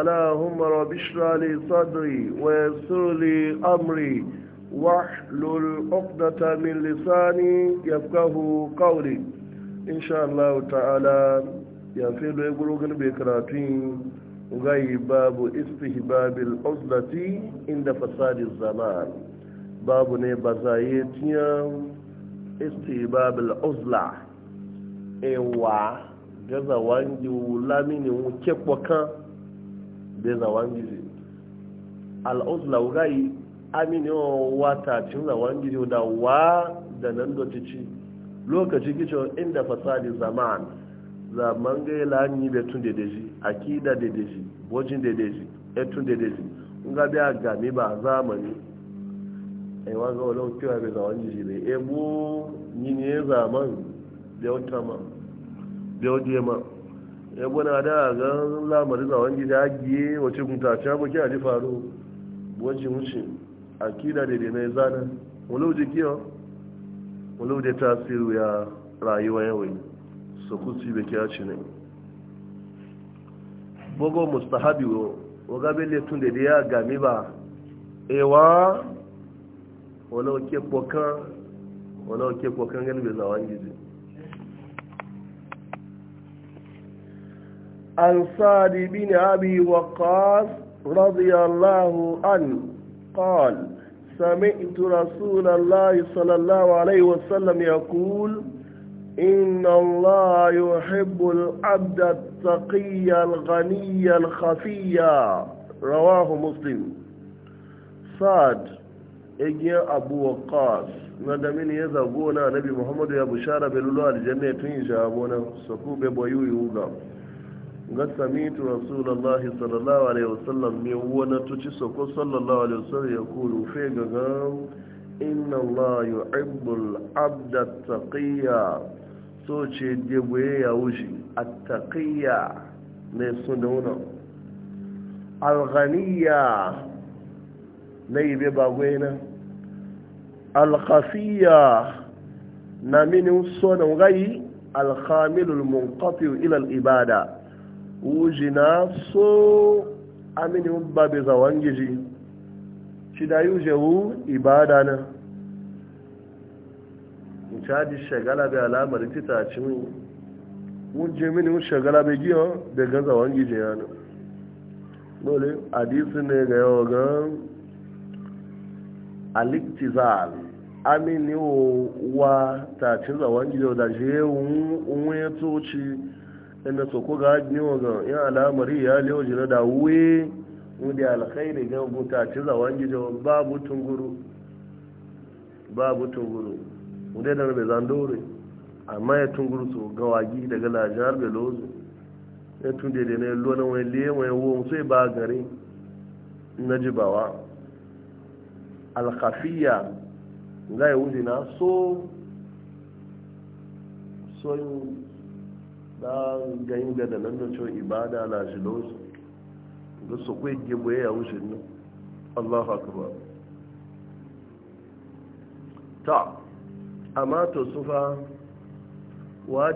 اللهم رب اشرح لي صدري ويسر لي امري واحلل عقدة من لساني يفقهوا قولي ان شاء الله تعالى يا في كن بكراتين غاي باب استحباب العزلة عند فساد الزمان باب ني بزايتيا استحباب tiyan ايوا جزا ewa gaza wangi wula mini bai zawon al'uzla wugayi amini wata cin zawon da wa da nan dotici lokaci kicin inda fasadi zaman zaman gai lani bai tun dedeji akida dedeji bojin dedeji etun dedeji nga bi agami ba zamani ai wa ga wani kiwa bai zaman gizi bai ebu yini zaman bai wata ma bai wata ma ya gwana da ga lamarin wani gida agiye wace gunta ta baki a ji faru wajen wuce a kida da na zana wani wuce kiyo wuce ta siru ya rayuwa yawai su kusi da kiya ci ne bugu mustahabi habiwo waga bele tun da ya gami ba ewa wani wuce kwakan wani wuce kwakan ganin bai zawon gida عن سعد بن أبي وقاص رضي الله عنه قال سمعت رسول الله صلى الله عليه وسلم يقول إن الله يحب العبد التقي الغني الخفي رواه مسلم سعد إجي أبو وقاص ندمين يزغونا نبي محمد يا بشارة بلولو الجنة تنجابونا سكوب بيوي وغام ga samitu rasulullahi sallallahu alaihi wasallam me wona tuci soko sallallahu alaihi wasallam ya kulu fe gaga inna allah yuhibbul abda taqiya so ce deboye ya wuce at-taqiya ne sun da wuna al-ghaniya na ibe bagwena al-khafiya na minin so na gayi al-khamilul munqati ila al-ibada wujina so amini babe za wangiji shi da yuje wu ibada na mutadi shagala bai alamar tita ci min wuje mini shagala bai giyo da gaza wangiji ya na dole hadisi ne ga yawa ga aliktizal amini wa ta ci za wangiji da je wun wun ya inda so ko ga ni wa ga ya alamari ya lewo jira da we mu alkhairi ga buta ci zawan gijo babu tunguru babu tunguru mu da da zan dore amma ya tunguru so ga wagi daga lajar be lozo ya tunde da ne lo na wani le wani wo sai ba gari na jibawa alkhafiya ga ya wuzina so so dan ganin da da nan da cewa ibada na shi lausu ga su kwai gebo ya wuce nan allahu akbar ta amma to sufa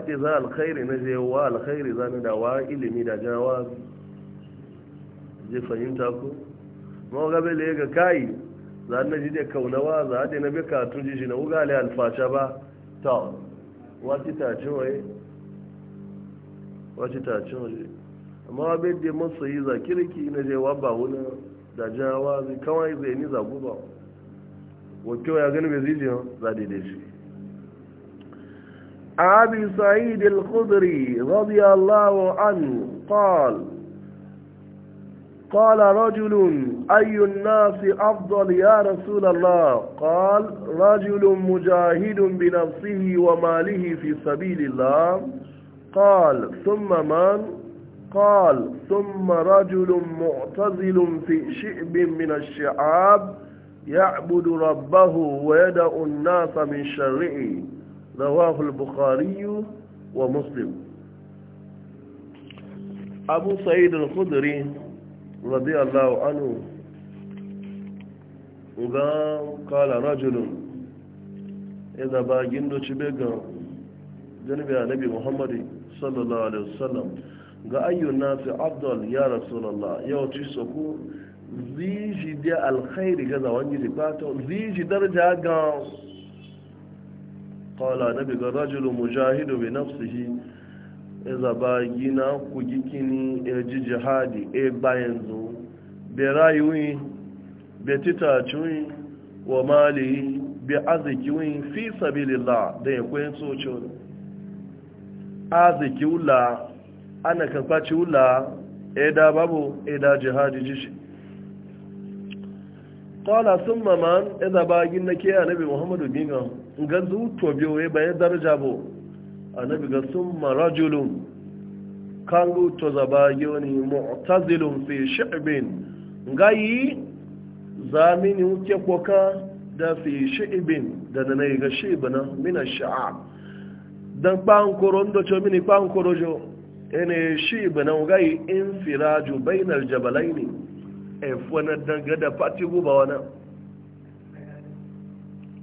ce za alkhairi na je wa alkhairi za da wa ilimi da jawa je fahimta ko ma ga bele ga kai za na ji da kaunawa za da na ka tuji shi na uga le alfasha ba ta wati ta ce waye wace ta cin waje amma abin da masa yi za kirki na je wa ba wani da jawa zai kawai zai ni zagu ba wakil ya gani bai zijiyar za daidai shi أبي سعيد الخدري رضي الله عنه قال قال رجل أي الناس أفضل يا رسول الله قال رجل مجاهد بنفسه وماله في سبيل الله قال ثم من قال ثم رجل معتزل في شئب من الشعاب يعبد ربه ويدع الناس من شره رواه البخاري ومسلم أبو سعيد الخدري رضي الله عنه قال رجل إذا باقين دوش جنبي النبي محمد sallallahu alaihi wasallam ga ayyun nasu abdul ya rasulullah yau ci soko ziji da alkhairi ga zawon gizi fata ziji darja ga qala nabi ga rajulu mujahidu bi nafsihi iza e ba gina ku gikini e ji jihadi e bayan zo be rayuwi be titacuwi wa mali bi azikiwi fi sabilillah da ya kwayin tsoci arziki wula ana kakwaci wula eda babu eda jihadi jishi kọ́lá sun maman ẹza e ba na ke anabi muhammadu gingan ga zuto biyo e ya bayan daraja bu anabi ga sun julun, kan ruto zaba yoni mu'tazilun fi shi'bin gayi zamini wuce kwaka da fi shi'bin da na yi ga shi mina sha'ab don kpankoro ndocho mini kpankoro jo ene shi bana gai in firaju bainar jabalai ne efu na dan gada fati guba wana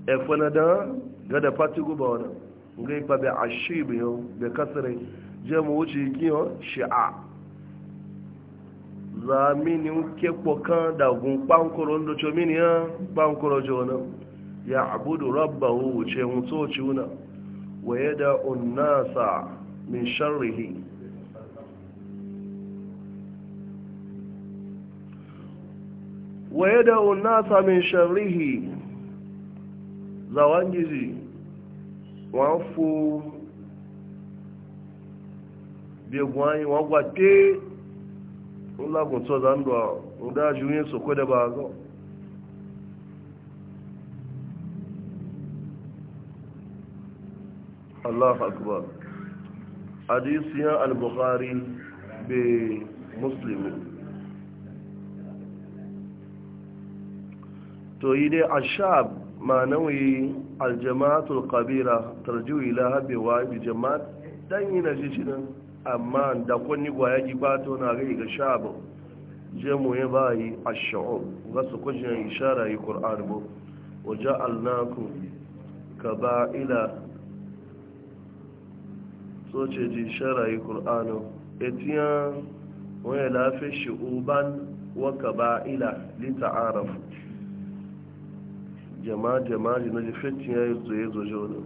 efu na dan gada fati guba wana ngai pa a shi yo be kasare je mu wuce kiyo shi'a zamini uke kan da gun kpankoro ndocho mini ya kpankoro jo na ya abudu rabbahu ce mutsoci una ويدع onasa من شره ويدع الناس من شره زوانجزي وعفو biegwanyi wagwate ụlọ agwụntọ za ndụ a ndị ajụ debe Allah akbar hadisiyan al-bukhari be muslimin to yi dai a ashab ma nauyi aljama'atul kabira tarjiwi lahabewa bi jama'a dan yi na shi shidan amma da kwanni gwaya gibato na gai ga shabu jemu ya bayi ashab ga su kujin ishara yi ƙur'an bu wajen alnaku ka ba ila soce ji sharayi ƙur'anu etiyan wani lafi shi'uban waka ba'ila lita arafu jama'a jama ji na ji fetin ya yi zoye zoje wani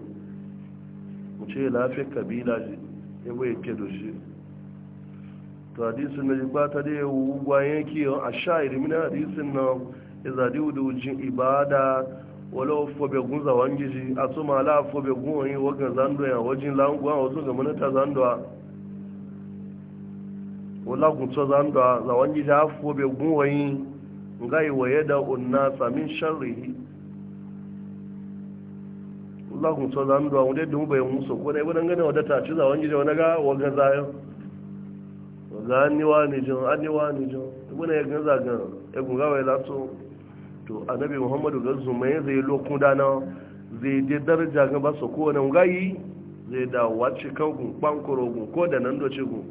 mace lafi kabila ji ebe ya ke doshi to hadisin na ji bata da yawu gwayen kiyon a sha'iri mini na izadi wujin ibada wala fobe gun za wangi ji a su ma la fobe gun wani wagan zando ya wajin languwa wasu ga manata zando a wala gunso zando a za wangi ji a fobe gun wani ngai waye da unna samin sharrihi wala gunso zando a wanda dumu bai musu ko dai wadan gane wadata ci za wangi ji wani ga wagan zayo waga anniwa ne jin anniwa ne jin ibuna ya ganza ga egun gawa ya lato to annabi muhammadu ga zumai zai lokun dana zai je daraja ga ba su kowane gayi zai da wace kan gun bankoro gun ko da nan doce gun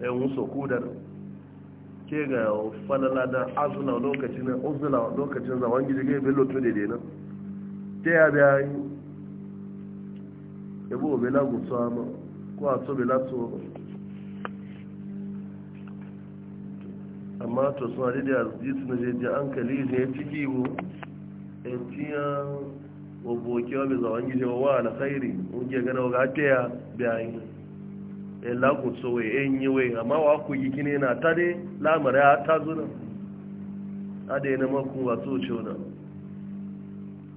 ɗayan musu kudar ke ga falala da azula lokacin uzula lokacin zaman gidi ga bello to dede nan te ya biya yi ebo bela gusa ko a so bela amma to suna daidai a jisu na jeji an kali ne ya ciki bu ya ciya wa boke wa mai zawon gije wa na khairi wuge gana wa gata ya bayan ya eh, lagun so ya eh, yi wai amma wa ku yi kine na ta dai lamara ya ta zuna a da yana makon wasu ce wani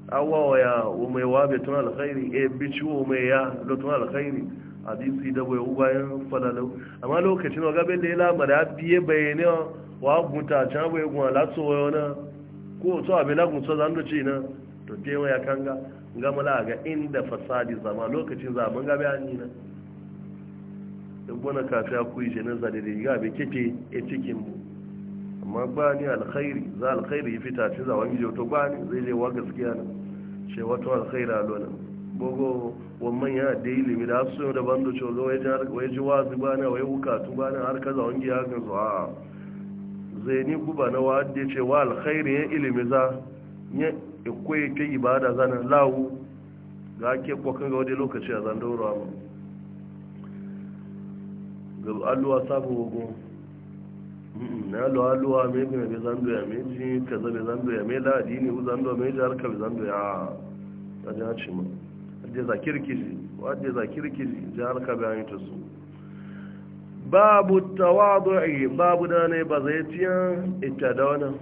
awa wa ya wa mai wa bai tun alkhairi ya eh, bici wa mai ya lotun alkhairi a jisi da bai bayan falalau amma lokacin wa gabin da ya lamara ya biye bayanewa wa gunta can ya gun alatso wayo na ko to abin lagun so zan doci na to ke waya kanga ga mala ga inda fasadi zama lokacin zama ga bayani na dubbana kafi ya kuyi shi na da yiga bai kike e cikin mu amma ba ni alkhairi za alkhairi fita ci za wani to ba ni zai je wa gaskiya na ce wato alkhairi lona bogo wannan ya da ilimi da su da bandu ce ga wai ji wazi ba na wai wukatu ba na har kaza wani ya ga a. zaini guba na wadda ce wa alkhairi ya ilimi za ya ikwai ta ibada zanen lawu ga ake kwakan ga wadda lokaci a zandoro amma ga alluwa sabu gugu na alluwa alluwa mai gina bai zando ya mai ji kaza zabe zando ya mai ladi ne hu zando mai ji harka bai zando ya a jihar cima wadda za kirkiri wadda za kirkiri jihar ka bayan ta su babu tawadu'i babu da ne ba zai ciyan ita da wani.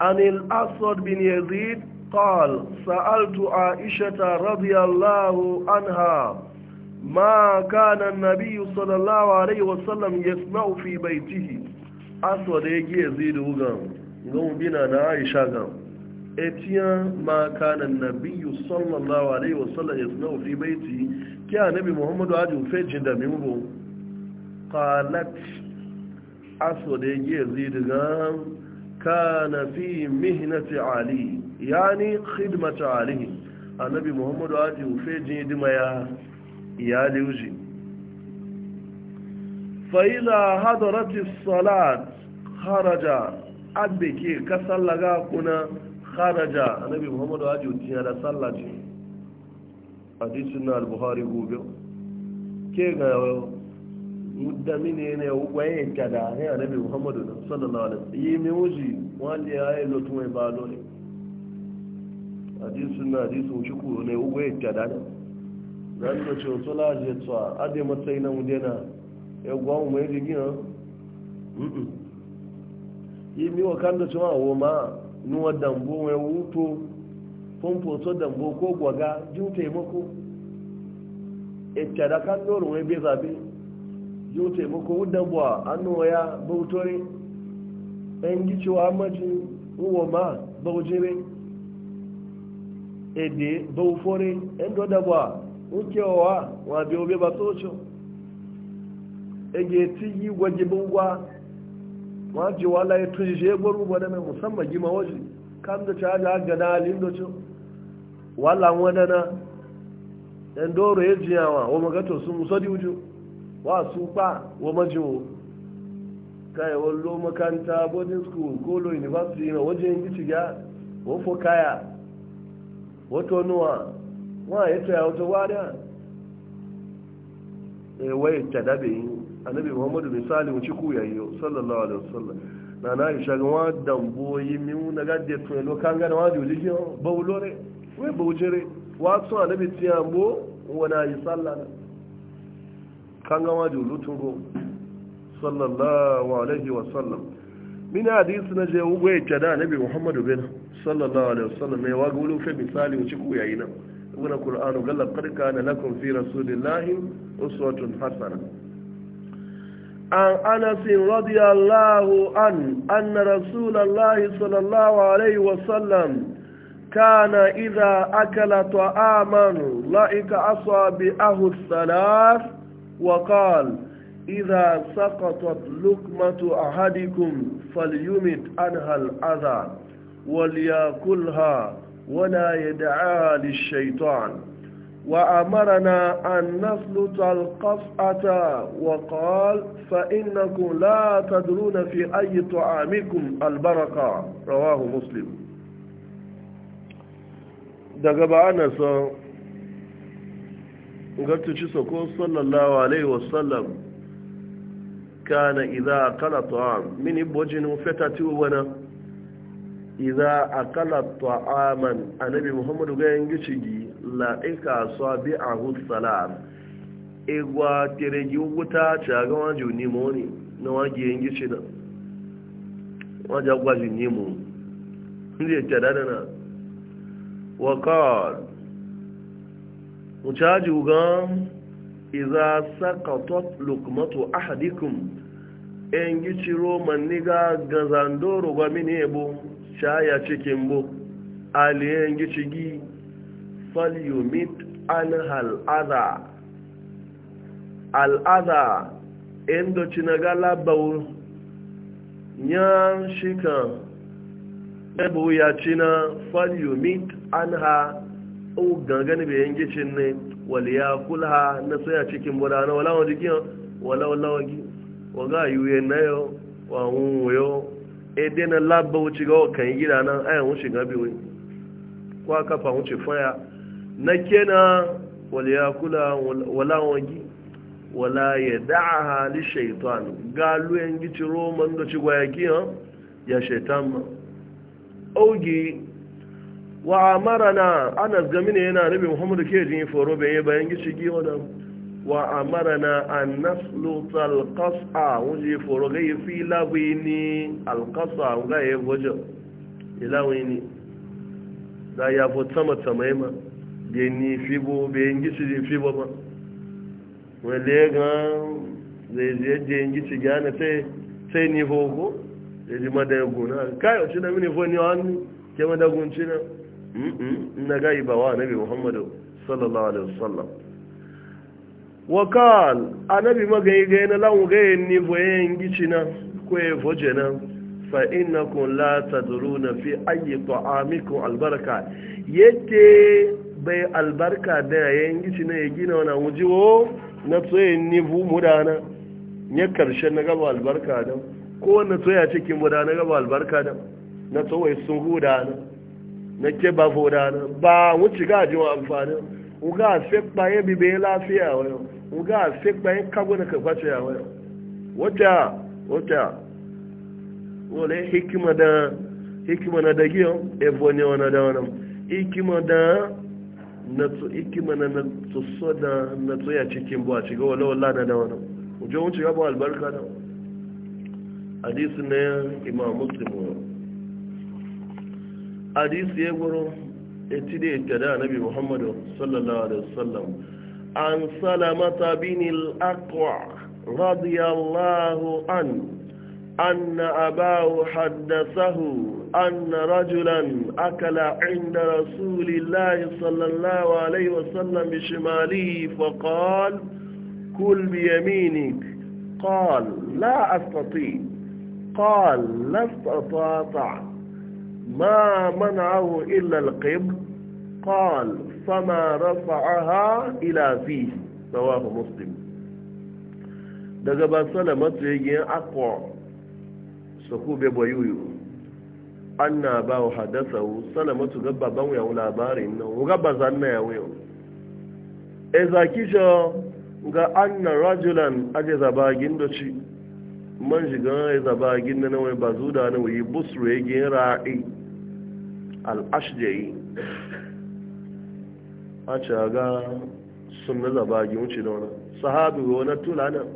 anil asad bin yazid qal sa'altu aisha ta radhiyallahu anha ma kana an-nabiy sallallahu alayhi wa sallam yasma'u fi baytihi aswad yake yazid ugan gon bina na aisha ga. etiyan ma kana an-nabiy sallallahu alayhi wa sallam yasma'u fi baytihi kí níbi muhammadu ajù fẹ́ jìndà mímú kalat aso da yazid gan kana fi mihinati ali ni khidmata ali níbi muhammadu ajù fẹ́ jìndà ya iyali uji fayila hadarati salat haraja abbe ke ka haraja kuna kharaja annabi muhammadu ajù tiyara sallaji hadisin na al-buhari gobe ke ga mudda mine ne waye kada ne annabi muhammadu sallallahu alaihi wasallam yi mi wuji ya yi lotu mai hadisin na hadisin shi ku ne waye kada ne zan da ce to la je to ade matsayi na mudena ya e gwa mu mai yi mi wa kan da wo ma nuwa dambo mai fomfo so ko gwaga jin e taimako ita da kan doron wai bai zabe jin taimako wudan buwa annoya bautore ɗan e gicewa amajin uwa ma baujire ede baufore ɗan e doda buwa nkewa wa bi obe ba tocho ege tigi gwaji bungwa wa ji wala ya tuje gwaru ba da musamman gima waje kan da ta ga na alin wala wadana dan doro ya yawa wa magato sun musa uju wa su pa wa majiwo kai wallo makanta boarding school kolo university na wajen gici ga wofo kaya wato nuwa wa ya taya wata wada e wai ta dabe yi annabi muhammadu misali mu ci ku yayyo sallallahu alaihi wasallam na na isha ga wa dambo na gadde to lo kan ga na wa juji ba ulore wai ba wujere wasu anabi tiya mbo wana yi sallana kan gama julutun lutun sallallahu alaihi wa sallam min hadisi na je ugwe ta da anabi muhammadu bin sallallahu alaihi wa sallam mai waga wulu fe misali wuci ku yayi nan wani qur'anu galla qad kana lakum fi rasulillahi uswatun hasana عن أنس رضي الله عنه أن رسول الله صلى الله عليه وسلم كان إذا أكل طعاما لئك أصابعه الثلاث وقال إذا سقطت لقمة أحدكم فليمت عنها الأذى وليأكلها ولا يدعها للشيطان وأمرنا أن نسلط القصعة وقال فإنكم لا تدرون في أي طعامكم البركة رواه مسلم daga ba ana son gartuci sako sallallahu alaihi wasallam kana idza akala ta'am min ibojin fetati wana idza akala ta'aman annabi muhammadu ga yangi cigi la ika sabi'ahu salam igwa teregi wuta ta ga waju ni moni na waje yangi cina waje gwaji ni mu ndi ta na. وقال متاجي وغام إذا سقطت لقمة أحدكم in giciro maniga ga zandoro ga mini bu shaya cikin bu aliyan gicigi falyumit an hal'ada al'ada inda cinaga labau ya shika ebu ya cina falyumit anha o gangani bai yanke cin ne wal ha kulha na soya cikin bada na wala wani giyan wala wala wagi waga yuye na yo wa hun yo e dena labba wuce ga kan gida nan ayan wuce ga biwe kwa kafa wuce faya na kena wal ya kula wala wagi wala ya da'aha li shaitan galu yanki ciro man da ci gwayaki ya shaitan ma ogi. wa amarana anas ga mine yana nabi muhammad ke jin foro bai bayan gishi gi wannan wa amarana an nasluta alqasa wuje foro ga fi labini alqasa ga ya goje ilawini da ya fo sama sama ma de ni fibo bayan gishi ji fibo ma wale ga zai je je gishi ga na sai sai ni fogo ya ji madagun na kai o ci da mini fo ni wani ke madagun ci na na gai ba wa nabi muhammadu sallallahu alaihi wasallam wakal anabi magayi gai na lan gai ni voyen gicina ko e na fa ina kun innakum duru na fi ayyi amikun albarka yake bai albarka da yayin gicina ya gina wani wannan wo na tsoyen ni bu mudana ne karshen na gaba albarka da ko na tsoya cikin mudana gaba albarka da na tsowai sun huda na ke ba foda na ba wuce ga ji wa amfani uga se kpaye bibe lafiya wayo uga se kpaye kago na kakwace ya wayo wata wata wale hikima da hikima na da giyo ebonyi wani da wani hikima da na to hikima na na to so da na to ya cikin buwa ci ga wala wala na da wani uje wuce ya ba albarka da hadisi na imam muslim hadisi ya gwaro etide tada nabi muhammadu sallallahu alaihi wasallam an salamata bin al-aqwa radiyallahu an أن أباه حدثه أن رجلا أكل عند رسول الله صلى الله عليه وسلم بشماله فقال كل بيمينك قال لا أستطيع قال لا استطاع ما منعه إلا القبل قال فما رفعها إلى فيه رواه مسلم daga ba salamatu ya gina akwa su kube bayuyu an na ba wa hadasa salamatu gaba ban yawon labarin ya ga an rajulan aje zaba gindoci man shiga ya zaba gina na wani bazu da na wuyi busru ya gina ra'i al'ashjayi a ga sun na zaba gina wuce da wani sahabi wani tula nan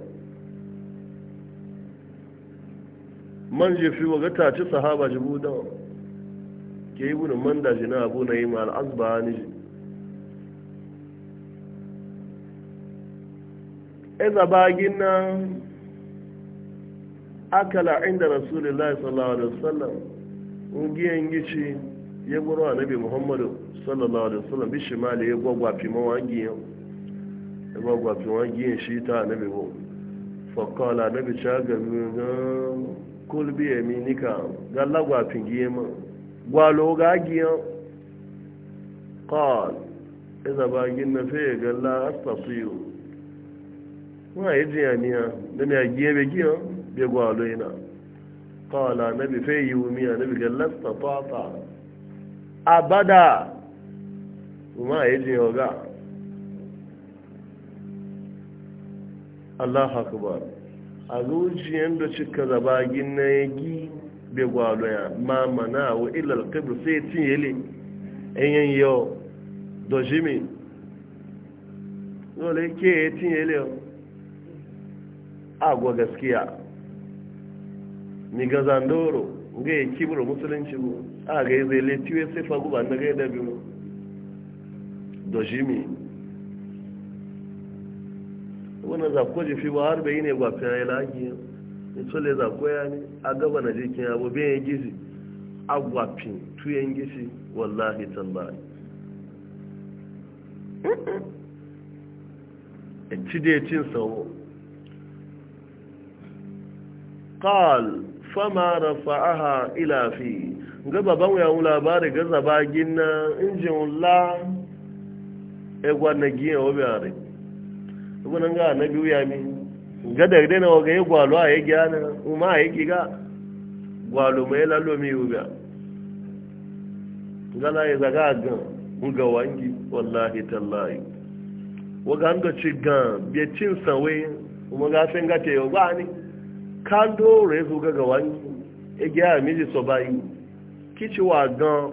man jefi waga ta ci sahaba ji buda ke yi wunin man da na abu na yi ma al'azba ni ji ya e zaba na. akala inda rasulullahi sallallahu alaihi wasallam ungiyen gichi ya buru anabi muhammadu sallallahu alaihi wasallam bi shimali ya gwagwafi mawangiyan ya gwagwafi mawangiyan shi ta annabi bu fakkala annabi cagamin kulbi ya minika ga lagwafin ma gwalo ga giyan qal idza bagin na fe ga la astasiyu wa yaji aniya da me be giyan bai gwalo yana kawala na bi fai yi wumiya na bi gallasta fata abada kuma a yi jin yoga allah akbar a zuciyar da cika gina ya yagi begwa gwalo ya mamana wa ilal kabir sai tinye le enyen yau dojimi dole ke tinye le agwa gaskiya ni ga zandoro ga ya musulunci bu a ga ya zai letiwe sai fagu na ga ya dabi mu da jimi wani zako jifi wa harbe bai ne ba fiye lagi ya tsole zako ya ne a na jikin abu bai ya gizi agwafin tuyen gizi wallahi tallahi e ci da cin sawo قال fama rafa'aha ha ilafi. ga baban ya wula bare ga ba gina injin wula e gwanna wabi a rai abu nan ga na biyu ya mi ga da dai na waga ya gwalo a ya gyana kuma a ya giga gwalo mai lalo mi ubiya ga la ya zaga gan ga wangi wallahi tallahi waga an ga ci gan bai cin sanwe kuma gafin gata yau ba ne kando rẹ̀ zo gaga wani ege a miji sọ ki ci wa gan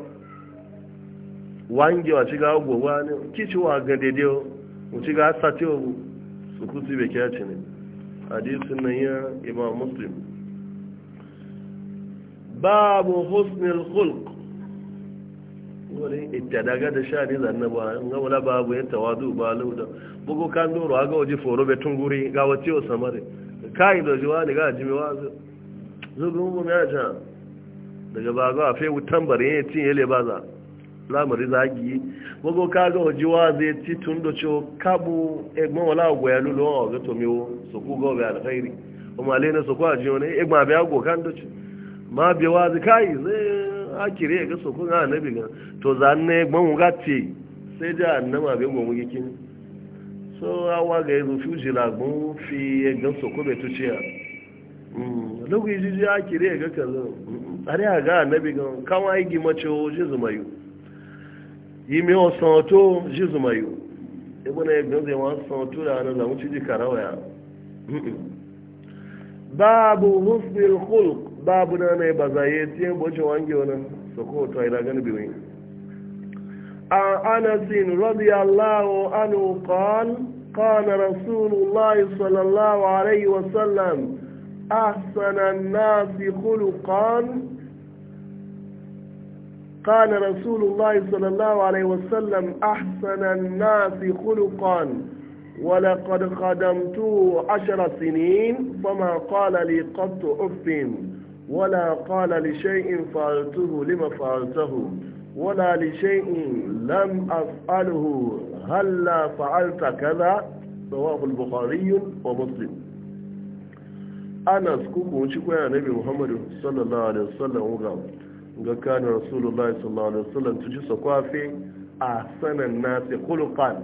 wangi wa ci ga agwọ wani kíchì wà gan dede o mu ci ga sati o su kusi bai kya ci ne hadisin nan ya imam muslim babu husnul khulq wani daga da sha ne zanna ba in ga babu yan tawadu ba lauda bugo kan doro aga waje foro betunguri ga wace o samari. kai da jiwa daga jimi wazo zugun mu ya ja daga fe wutan bare ne tin yele baza lamari zagi zai ti tun do cho kabu wala ya lulu o ga to mi o so ku go alkhairi o ma le na so ku ajiyo ne egbon abi ago kan do cho ma bi wazi kai zai akire ga so ku ga nabi ga to zanne egbon ga ti sai ja annama be so awa ga yanzu fuji lagun fi yagan soko bai tuce ya hmm, lokacin jiji a kire ga kaza a ne a ga annabi ga kama igi mace ji zumayu yi mai wasan wato ji zumayu ibina yagan zai wasan wato da hannun zamuci ji karawa ya hmm, hmm. babu husnil hulk babu na ne ba zaye tiyan bocin wange wani soko to a yi ragani biyu عن أنس رضي الله عنه قال قال رسول الله صلى الله عليه وسلم أحسن الناس خلقا قال رسول الله صلى الله عليه وسلم أحسن الناس خلقا ولقد خدمته عشر سنين فما قال لي قط أف ولا قال لشيء فعلته لما فعلته ولا لشيء لم أفعله هلا فعلت كذا رواه البخاري ومسلم أنا سكوكو شكوى نبي محمد صلى الله عليه وسلم وقال ga kanin rasulullah sallallahu alaihi wasallam tuji sakwafe a sanan nasi khuluqan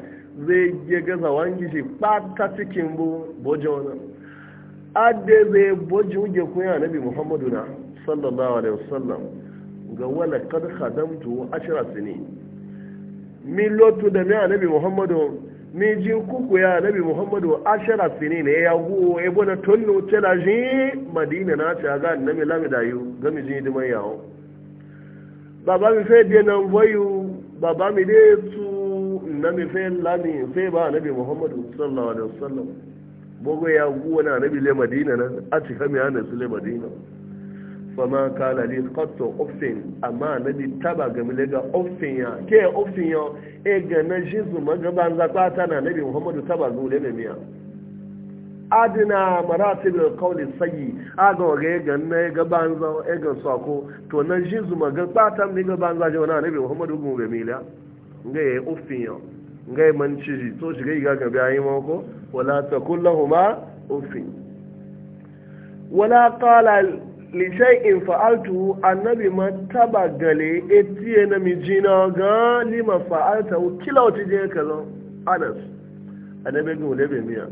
zai je gaza wangi shi fata cikin bu boje wannan adde zai boje uge kun ya nabi muhammadu sallallahu alaihi wasallam ga wala kad khadamtu ashra sini mi lotu da mi annabi muhammadu mi jin kuku ya annabi muhammadu ashra ne ya yago e bona tonno telaji madina na ta ga annabi lami dayu yu ga mi jin dimai yawo baba mi fe de nan voyu baba mi de tu na mi fe lami fe ba annabi muhammadu sallallahu alaihi wasallam bogo ya go na annabi le madina na a cika mi annabi le madina fama kala li kato ofin amma di taba game ga ofin ya ke ofin ya e ga na jizu magaban zakata na nabi muhammadu taba gule ne miya adina maratib alqawl sayi aga ga e ga na e ga banza e ga sako to na jizu magagbata ne ga banza je na nabi muhammadu gule mila nga e ofin ya nga e man ciji to shi ga ga bayi mako wala takullahuma ofin wala kala. Lisai in fa'altu annabi ma taba gale etiye na mijina ga ma fa'alta kila wata je ka zo anas annabi ga lebe bai miya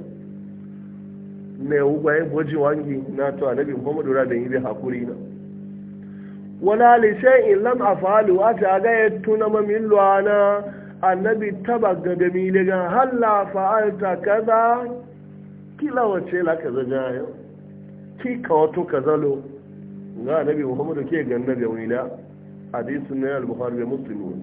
ne ugba ya boji wangi na to annabi muhammadu da yi bi hakuri na wala in lam fa’alu a ta ga ya tuna mamin luwana annabi taba gaga mi daga halla fa'alta kaza kila wace la ka zaga yau kika wato kaza zalo nga nabi muhammadu ke ganna da wina hadisun na al-bukhari da muslim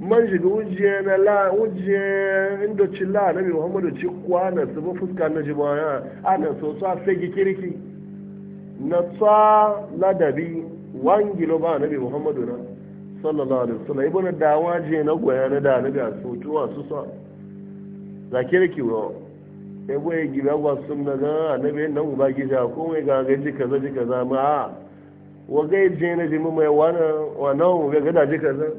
man shiga ujiye na la ujiye inda ci la nabi muhammadu ci kwana su ba fuska na jibaya ana so sa sai kirki na tsa ladabi wangilo ba nabi muhammadu na sallallahu alaihi wasallam ibn dawa je na goya na da nabi a sotuwa su sa zakir kiwo ebo ya gibe gwa sun daga nabi nan uba gija ko mai ga gaji kaza kaza ma waga yi jena jimu mai wannan ga gada ji ka kaza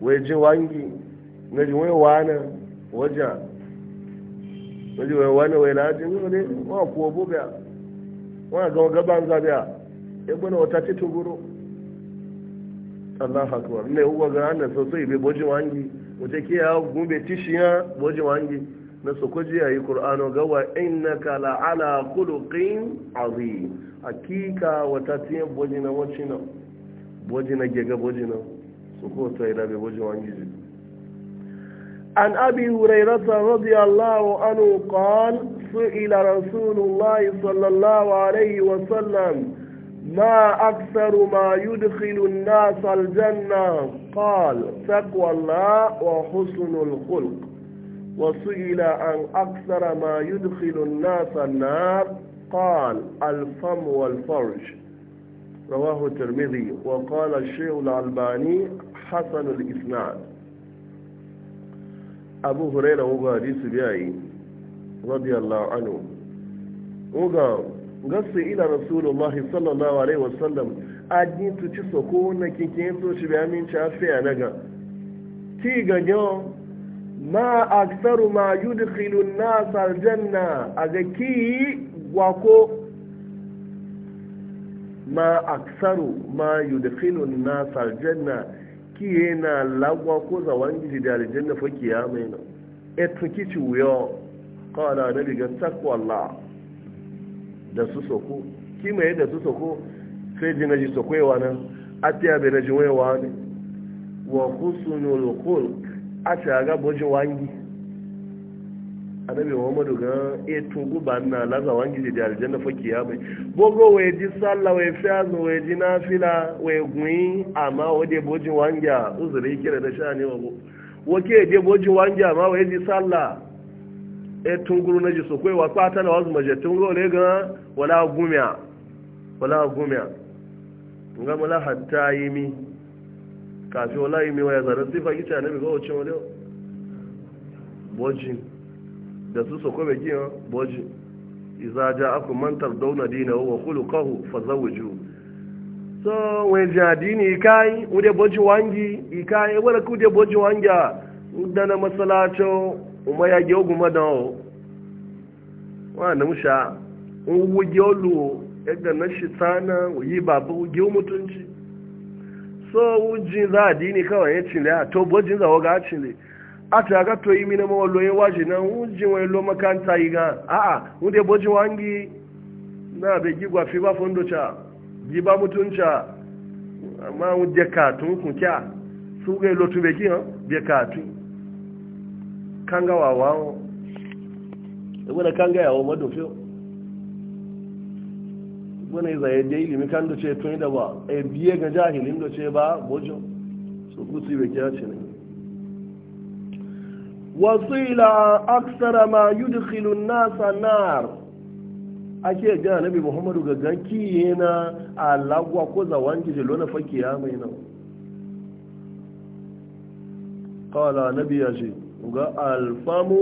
wai ji wangi na ji wai wana waja na ji wai wana wai na ji ne wa kuwa bubiya wa ga gaban zabiya ibn e wata titin guru Allah akbar ne uwa ga annabi sosai bai boji wangi wata ke ya gumbe tishiya boji wangi na su kwaji yayi qur'ano gawa innaka la ala khuluqin azim hakika wata tiye bojina boji na gega bojina su ko to ila be bojina wangiji an abi hurairata radiyallahu anhu qala su'ila rasulullahi sallallahu alaihi wa sallam ما أكثر ما يدخل الناس الجنة قال تقوى الله وحسن الخلق وسئل عن أكثر ما يدخل الناس النار قال الفم والفرج رواه الترمذي وقال الشيخ الألباني حسن الإسناد أبو هريرة وغادي سبيعي رضي الله عنه وقال قص إلى رسول الله صلى الله عليه وسلم أدين تتسكون كي كنتو شبه من شافي أنا تيغا يوم ma aksaru ma yudkhilu an-nas al-janna agaki wako ma aksaru ma yudkhilu an-nas al-janna kiyena lagwa ko wani da aljanna fa kiyama ina ki ci wuyo qala nabi ga allah da su soko mai da su soko sai ji naji sokwewa nan atiya bai naji wewa ne wa husnul khulq a ci bojin ga wangi annabi muhammadu ga e to guba na laza wangi da aljanna fa kiyamai bogo waye ji salla waye fiazu waye ji nafila waye gwi amma de boji wangi a uzuri kira da shani wa wake de bojin wangi amma waye ji salla e eh, tunguru na ji so kwai wa kwata na wazu maje tunguru ne ga wala gumiya wala gumiya ngamala hatta yimi kafin wala yi mewa ya zarar sifa gita na biga wacce wani bojin da su sako mai gina bojin iza ja aku mantar dauna dina wa kulu kahu fa zawuju so wani jadini ikai wude bojin wangi ikai wala ku de bojin wangi a dana masalacin umaya gyogu madawo wa na musha un wuge olu yadda na shi tsana yi babu gyo mutunci so wujin za a dini kawai ya cile a ah, to bojin za waga a cile a ta ga to imi na mawa loye waje na wujin wani lo makanta yi ga a ah, a ah, wunde bojin wangi na be gigwa fi ba fondo cha ba mutunca amma wunde katun kun kya su ga lo be gi ha be katun kanga wawawo e na kanga yawo madofiyo wani zai da ilimi kan da ce tun da ba a biye ga jahilin da ce ba bojo su kusi bai kya ce ne wasila aksara ma yudkhilu nasa nar ake ga nabi muhammadu ga ganki yana alagwa ko zawan gije lona fakiya mai nan kawala nabi ya ce ga alfamu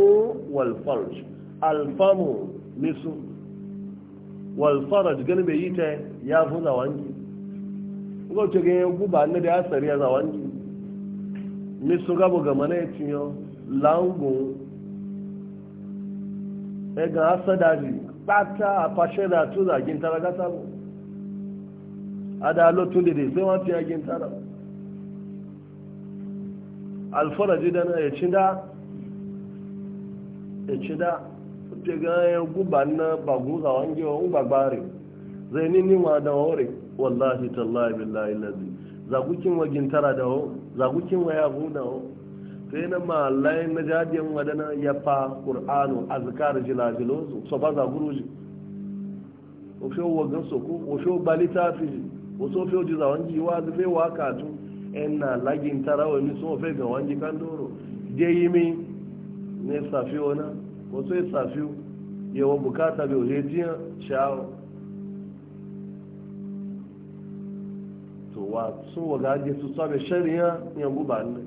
walfarj alfamu nisu wal faraj gan bai yi ta ya fi zawanki ko ce ga guba ne da asari ya zawanki mi su gabu ga mana ya cinyo langu e ga asada ji pata a fashe da tu zagin tara ga sabu a da lotun da sai wani fiye gin tara alfaraji da na ya ci da ya ci da te ga ya guba na bagun zawon gewa un re zai ni ni wa da hore wallahi tallahi billahi lazi zagukin wa gintara da ho zagukin wa ya hu da sai na ma malai na jadiyan wadana ya fa qur'anu azkar jilajilozu so ba za guruji o fe wa gan soko o fe ba litafi o so fe o ji zawon ji wa fe wa katu en na lagin tarawa ni so fe ga wangi kan doro je yi mi ne safi ona wasu ya safi yawan bukata bai waje jiya sha'awa to wa sun waga ajiye su sabe shari'a yan guba ne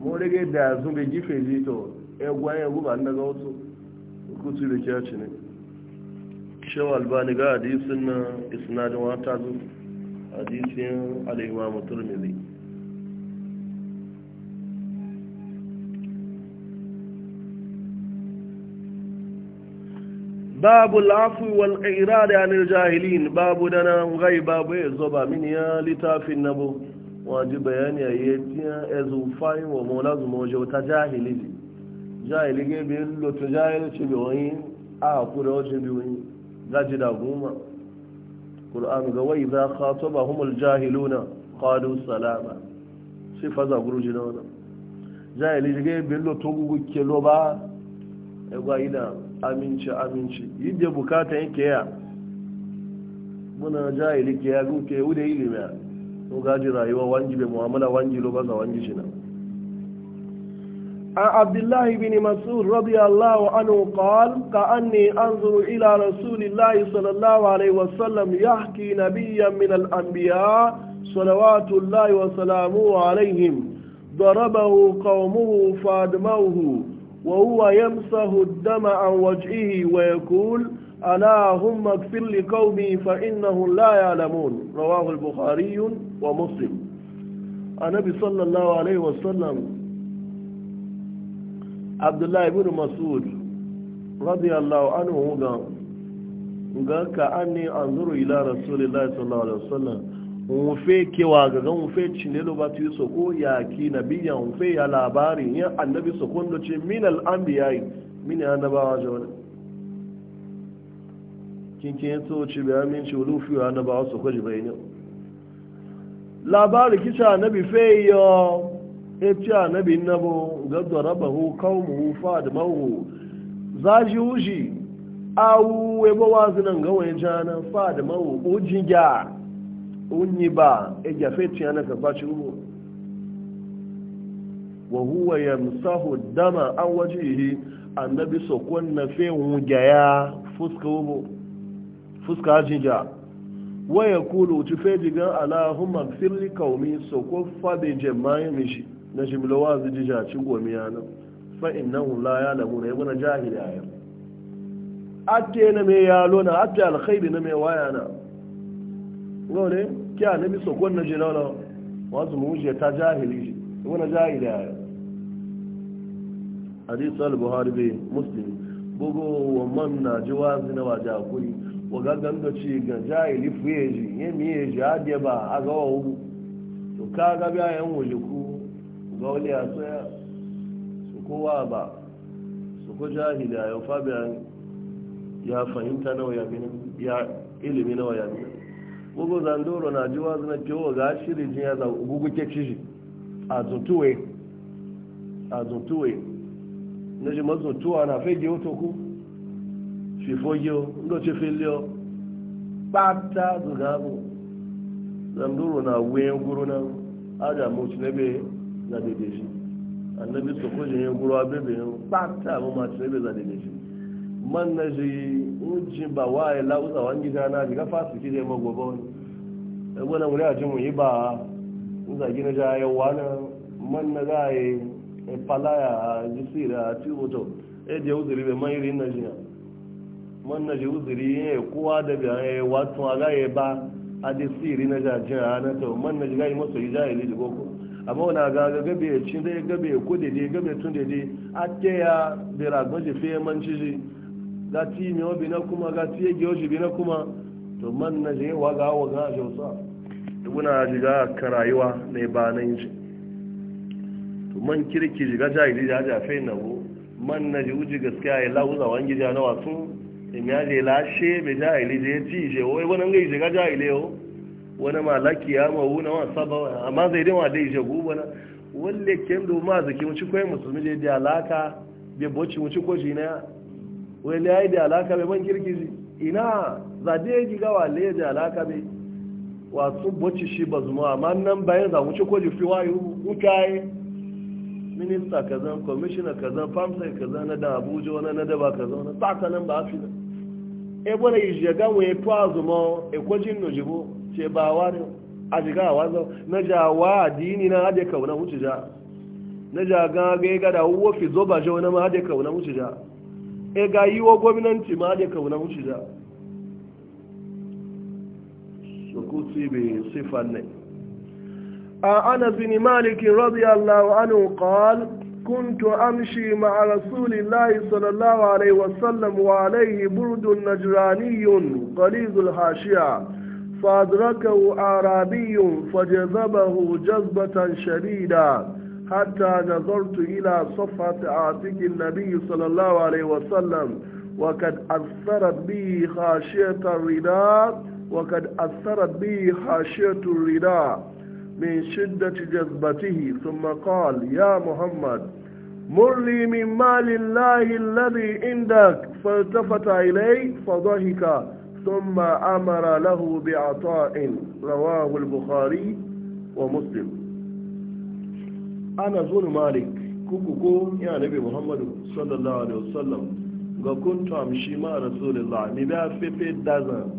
mun rage da sun bai gife ji to ya gwa yan guba ne ga wasu kutu da kya ci ne shawar albani ga hadisin na isnadin wata zuwa hadisin al'imamu turmizi babu lafi wal ƙaira da yanar jahilin babu dana gai babu ya e zoba mini ya littafin na bu waji bayani a yi tiya ezu fayin wa mola zuma waje wata jahili ji jahili ga bi lotu jahili ci bi wani a kura wajen bi wani gaji da goma ƙul'an ga wai za ka toba humul na qalu salama sai faza guruji na wannan jahili ga bi lotu gugu ke loba ya e gwa idan aminci aminci yadda bukatan yake ya muna jahili ke ya guke yau ilimi ya ko gaji rayuwa wangi bai mu'amala wangi lo baza wangi shi na عن عبد الله بن مسعود رضي الله عنه قال كأني أنظر إلى رسول الله صلى الله عليه وسلم يحكي نبيا من الأنبياء صلوات الله وسلامه عليهم ضربه قومه فادموه وهو يمسح الدم عن وجهه ويقول اللهم اغفر لقومي فإنهم لا يعلمون رواه البخاري ومسلم النبي صلى الله عليه وسلم عبد الله بن مسعود رضي الله عنه قال كأني أنظر إلى رسول الله صلى الله عليه وسلم wufe kewa gagan wufe cinelo ba ta yi soko ya ki nabiya wufe ya labari ya annabi sokon da ce min ya yi min ya annabawa jawar kinkin ya so ci bayan min ce wulufi ya wa soko ji bayan yau labari kisa annabi fe yi e ci annabi nabo gadda da kawmuhu fadmahu zaji wuji awu ebo wazinan gawayen jana fa, da ujin ujiga unyi ba e jafe ana ka kwaci ubo wa huwa yamsahu dama an wajihi annabi kon na fe wugaya fuska ubo fuska jinja wa yaqulu tu fe diga allahumma ighfir li qaumi sokon fa be jama'i mishi na jimlo wazi jija ci mi nan fa innahu la ya'lamu ya bana jahili ayat ate na me yalo na ate alkhairi na me wayana ngole kya nabi sokon na jelala wazu mu je ta jahili wani jahili ayo hadith buhari na jiwazi na wa ci ga jahili fuyeji ya miye ji ba a ga wa to ka ga biya yan ga a tsaya su kowa ba su ko jahili ayo fabian ya fahimta nawa ya ilimi nawa ya minin gogo zandoro na jiwa zina kewa ga shiri jin za gugu ke ciji a zuntuwe a na ji mazuntuwa na giyo to ndo ce filiyo pata zugabu zandoro na wuyen guru na aja mutu na be na dede shi annabi guru abebe yin pata mu ma ci na za dede shi man na ji uji ba wa ya lausa wani gida na ji gafa su kije ma gobe wani ɗago na wuri a mu yi ba in zagi na ja yau wani man na za a yi falaya a ji sira a ci hoto ya je uzuri bai man iri na jiya man na ji uzuri ya yi kowa daga ya yi wato a ga yi ba a ji siri na ja jin a na to man na ji ga yi masu yi jahili da goko amma wani aga ga gabe cin da ya gabe kudede gabe tun dede a ke ya bera ji fiye man ciji ga ti o bi na kuma ga ti yage oji bi na kuma to man na je wa ga wa ga je wasa ibuna jiga kan rayuwa ne ba nan shi to man kirki jiga jahili da ja fe na go man na ji uji gaskiya ya lauza wangi ja na wasu e in ya je lashe be jahili je ti je wai e wannan ga jiga jahili yo wani malaki ya ma wuna wa saba amma zai dai ma dai je go bana walle kendo ma zaki mu ci koyi musulmi je da alaka be bocci mu ci koji na wai ne yayi da alaka bai man kirki ina za da yi giga wa le da alaka bai wasu bocci shi ba zuma amma nan bayan za mu ci ko jifi wayo ukai minista kaza commissioner kaza famsai kaza na da abuja wani na daba kaza wani tsaka nan ba fi da e yi je ijiga we twazo mo e jin no jibo ce ba wani a wazo na ja wa dini na ade kauna ja na ja ga ga ga da wo zo ba jo na ma ade kauna ja e ga yi wa gwamnanci ma da kauna mushi kuntu amshi ma'a a rasulillahi sallallahu alaihi wasallam wa alaihi burdun najraniyun qalizul hashiya fadrakahu arabiyun fajazabahu jazbatan shadida حتى نظرت إلى صفحة عاتق النبي صلى الله عليه وسلم وقد أثرت به خاشية الرداء وقد أثرت به خاشية الرداء من شدة جذبته ثم قال يا محمد مر لي من مال الله الذي عندك فالتفت إليه فضحك ثم أمر له بعطاء رواه البخاري ومسلم ana zuwa malik ko ya nabi muhammadu sallallahu alaihi wasallam ga kuntu amshi ma rasulullah mi ba fefe dazan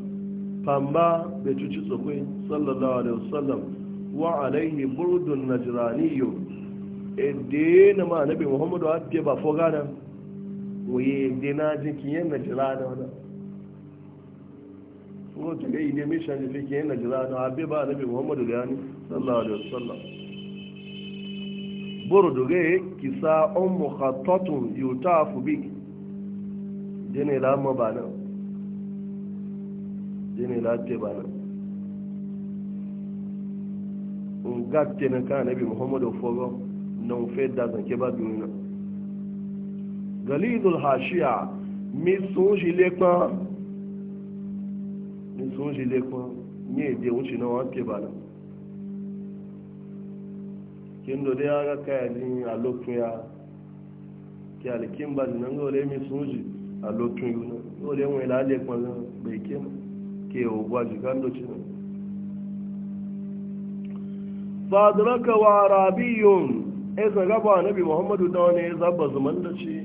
Famba bai cuci tsakwai sallallahu alaihi wasallam wa alaihi burdun najraniyo ede na ma nabi muhammadu abje ba fogana waye ede na jikin yan najrana wannan ko ta ga yi a jikin yan da? abje ba nabi muhammadu gani sallallahu alaihi wasallam borodoge kisa on mukhattatun yutafu bi dene la ma bana dene la te bana un gatte na kana bi muhammad fogo non fe da zan ke ba duniya galidul hashiya mi sun shi lekan mi sun shi lekan ni ede un na wa te bana kindo dai aga kaya din a lokacin ya ki alkin ba nan ga le mi suji a lokacin yuna le mu ila le kon be ke ke o gwa ji kando ci fadraka wa arabiyun e sa gaba nabi muhammadu da wani zabba zaman da ci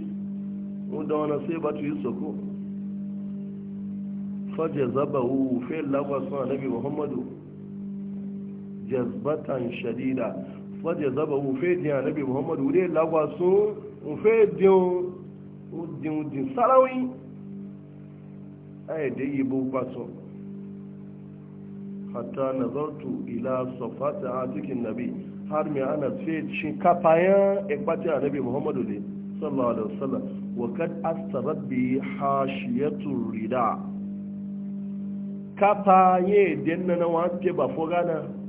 mu da wani sai ba tu yusufu faje zabahu fi lagwa sun annabi muhammadu jazbatan shadida faje zaba wufe diya nabi muhammadu wuri lagwa sun wufe diyan din sarawin a yi bu kwaso hatta nazartu ila safata a cikin nabi har mai ana ce ci kafayen ikpati a nabi muhammadu ne sallallahu alaihi wasallam wa kad astarabbi hashiyatu rida kafaye den na wa ke ba fo gana.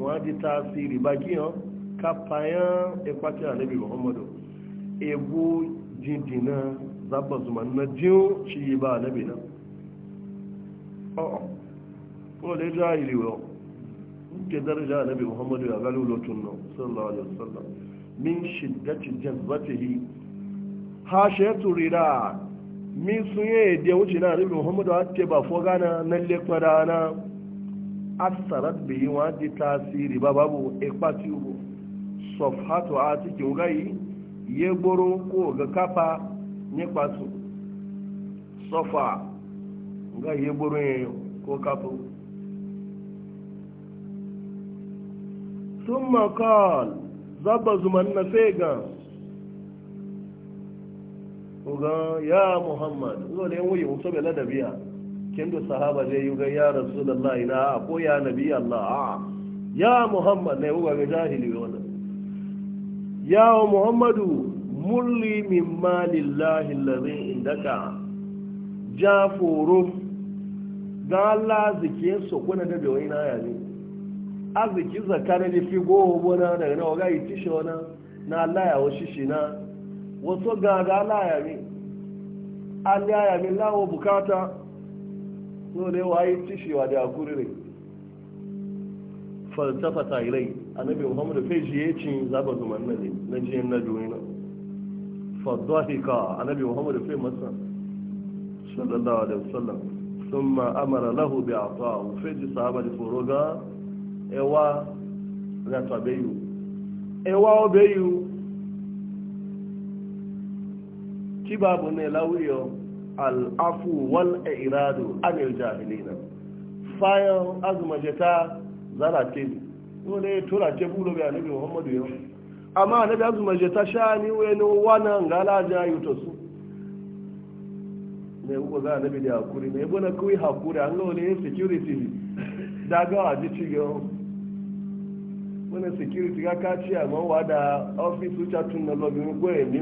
wọ́n di tasiri bagi hàn kápáyán ekwati anabi muhammadu ebu jindina zaba zuma na anabi na ọ ọ lè já ìlú daraja anabi muhammadu ya galu lotun na sallallahu alaihi wasallam min na anabi muhammadu fo asarar da yi wa ji tasiri ba babu ekpati ubu sofhatu a cikin gai ya gboro ko ga kafa ne kwasu sofa ga ya gboro ya ko kafa sun makon zaba zuman na fegan ya muhammad zuwa da yan wuyi musamman ladabiya kendo sahaba zai yi ga ya rasulullah ina ko ya nabi allah a ya muhammad ne uga ga jahili wala ya muhammadu mulli min malillahi allazi indaka jafuru ga lazike so kuna da bewai na ya ne arziki zakana da fi goho bona daga na ga itishe wana na allah ya washi shi na wato ga ga allah ya mi allah ya mi lawo bukata nune wayi tishewa da hakuri ne falsafata ilai annabi muhammadu fai shi ya ci zaba zuman na ne na jiyan na duniya fadhahika annabi muhammadu fai masa sallallahu alaihi wasallam thumma amara lahu bi ata'u fai ji sahaba da ga. ewa na tabeyu ewa Ki babu ne lawiyo al'afu wal iradu anil jahilina fayan azuma jeta zara ke ne wanda ya tura ke bulo bai anabi muhammadu yau amma anabi azuma jeta sha ni wani wani ngala ja su ne ugo za nabi da hakuri ne ibo na kawai hakuri an ga wani security daga a ji ci yau wani security ga kaci amma da ofis wuce tun na lobi gwe ne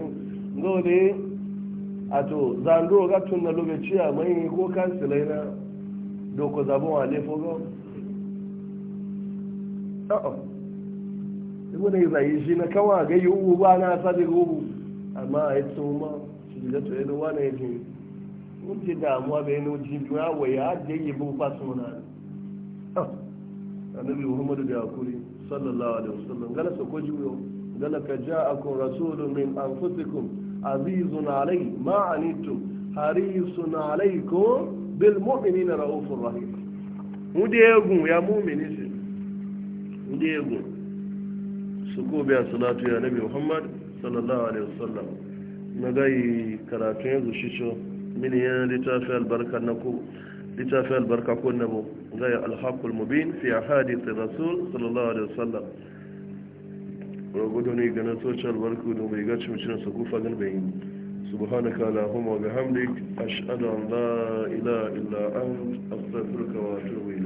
ga wani ato zando ga tun na lokaci ma mai ko kansilai na doko zabon a lefo ga a'a ibu na zai shi na kawo ga yi ubu ba na sabi gubu amma a yi tsoma su ga to yadda wani yake mun ce damuwa bai ne ji biya ya yi bu ba su na annabi muhammadu da sallallahu alaihi wasallam gala sa ko juyo gala azizun alai ma anittum harisun alaikum bil mu'minina raufur rahim mu da egun ya mu'mini shi mu da egun su ko biya salatu ya nabi muhammad sallallahu alaihi wasallam na gai karatu ya littafi albarka na ko albarka ko mu gai alhaqul mubin fi ahadith rasul sallallahu alaihi wasallam gwargwado ne ganin social barku da mai gaci mutum su kufa gan bai subhanaka allahumma bihamdik ashhadu an la ilaha illa ant astaghfiruka wa atubu